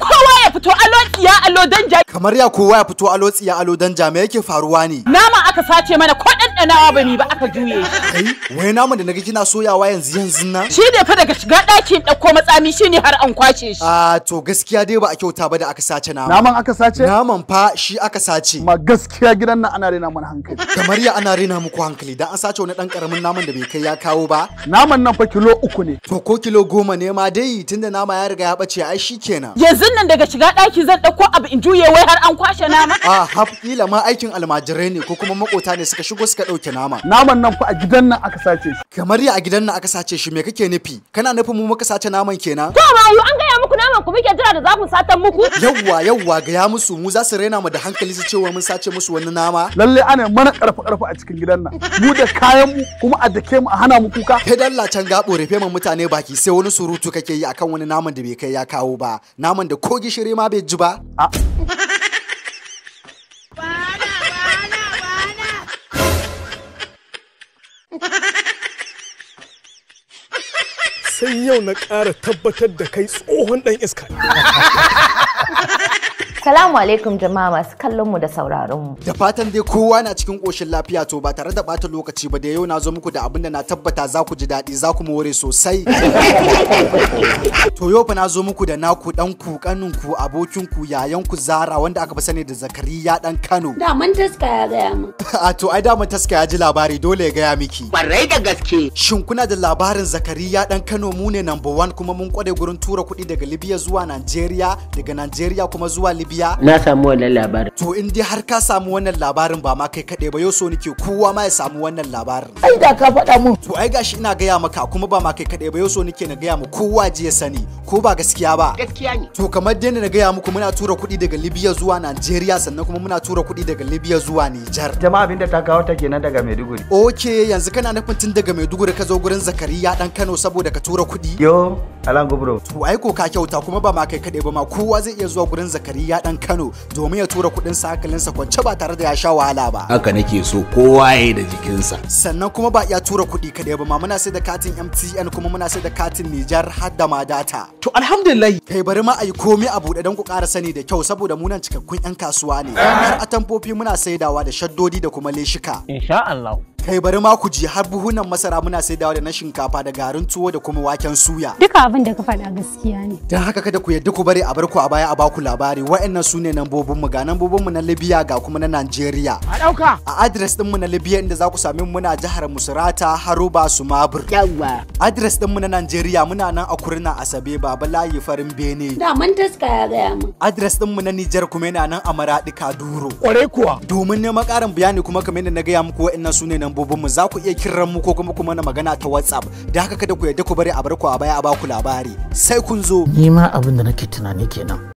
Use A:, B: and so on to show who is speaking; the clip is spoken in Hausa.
A: kowa ya fito alo tsiya alo danja kamar ya kowa ya fito alo tsiya alo danja me yake faruwa ne nama aka sace mana ko ɗanɗanawa ba ba aka juye shi. wai naman da naga kina soyawa yanzu yanzu na? Shi ne fa daga shiga ɗakin ɗauko matsami shi ne har an kwace shi. Ah to gaskiya dai ba a kyauta ba da aka sace naman. Naman aka sace? Naman fa shi aka sace. Ma gaskiya gidan nan ana rena mana hankali. Kamar ya ana rena muku hankali dan an sace wani ɗan ƙaramin naman da bai kai ya kawo ba. Naman nan fa kilo uku ne. To ko kilo goma ne ma dai tunda nama ya riga ya ɓace ai shi kenan. Yanzu nan daga shiga ɗaki zan ɗauko abu in juye wai har an kwashe naman. Ah haf ma aikin almajirai ne ko kuma makota ne suka shigo suka ɗauke nama. Naman nan fa a gidan nan aka sace shi. Kamar ya a gidan nan aka sace shi me kake nufi? Kana nufin mu muka sace naman kenan? ba rayu an gaya muku naman ku muke jira da za ku satan muku? Yawwa yawwa gaya musu mu za su raina mu da hankali su cewa mun sace musu wani nama. Lalle ana mana karfa karfa a cikin gidan nan. Mu da kayan mu kuma a dake mu a hana mu kuka. Kai dalla can gabo rufe mu mutane baki sai wani surutu kake yi akan wani naman da bai kai ya kawo ba. Naman da ko gishiri ma bai ji ba. sai yau na ƙara tabbatar da kai tsohon ɗan iska Salamu alaikum jama'a masu kallon mu da sauraron mu. Da fatan dai kowa na cikin koshin lafiya to ba tare da bata lokaci ba da yau na zo muku da abin na tabbata za ku ji daɗi za ku more sosai. to yau fa na zo muku da naku dan ku kanin ku abokin ku yayan ku Zara wanda aka fi sani da Zakariya dan Kano. Da mun taska ya gaya mu. A to ai da mun taska ya ji labari dole ya gaya miki. Barai da gaske. Shin kuna da labarin Zakariya dan Kano mu ne number one kuma mun kware gurin tura kuɗi daga Libya zuwa Najeriya daga Najeriya kuma zuwa Libya gaskiya na samu wannan labarin to in dai har ka samu wannan labarin ba ma kai kaɗai ba yau so nake kowa ma ya samu wannan labarin ai da ka faɗa mun to ai gashi ina gaya maka kuma ba ma kai kaɗai ba yau so nake na gaya ma kowa ji ya sani ko ba gaskiya ba gaskiya ne to kamar dai na gaya muku muna tura kuɗi daga Libya zuwa Najeriya sannan kuma muna tura kuɗi daga Libya zuwa Nijar jama'a abinda ta kawo ta kenan daga Maiduguri okay yanzu kana nufin tun daga Maiduguri ka zo gurin Zakariya dan Kano saboda ka tura kuɗi yo Alan Gubro. To ai koka kyauta kuma ba ma kai kaɗai ba ma kowa zai iya zuwa gurin Zakariya dan Kano domin ya tura kuɗin sa sa kwance ba tare da ya sha wahala ba. Haka nake so kowa ya da jikinsa. Sannan kuma ba iya tura kuɗi kaɗai ba ma muna sai da katin MTN kuma muna sai da katin Nijar har da ma data. To alhamdulillah. Kai bari ma ai komai a buɗe don ku ƙara sani da kyau saboda mu nan cikakkun 'yan kasuwa ne. Har atamfofi muna saidawa da shaddodi da kuma leshika. Insha Allah. kai bari ma ku ji har buhunan masara muna saidawa da na shinkafa da garin tuwo da kuma waken suya duka abin da ka faɗa gaskiya ne don haka kada ku yadda ku bari a bar ku a baya a baku labari wa'annan su ne nambobin mu ga nambobin mu na Libya ga kuma na Najeriya a dauka a address din mu na Libya inda za ku same mu muna jihar Musrata Haruba Sumabur yawa address din mu na Najeriya muna nan a Kurna Asabe Baba Layi Farin Bene da mun taska ya gaya mu address din mu na Niger kuma yana nan a Maradi Kaduro kwarai kuwa domin neman ƙarin bayani kuma kamar yadda na gaya muku wa'annan su ne lambobinmu za ku iya kiran mu ko kuma kuma na magana ta WhatsApp da haka kada ku yarda ku bari a bar ku a baya a baku labari sai kun zo ni ma abin da nake tunani kenan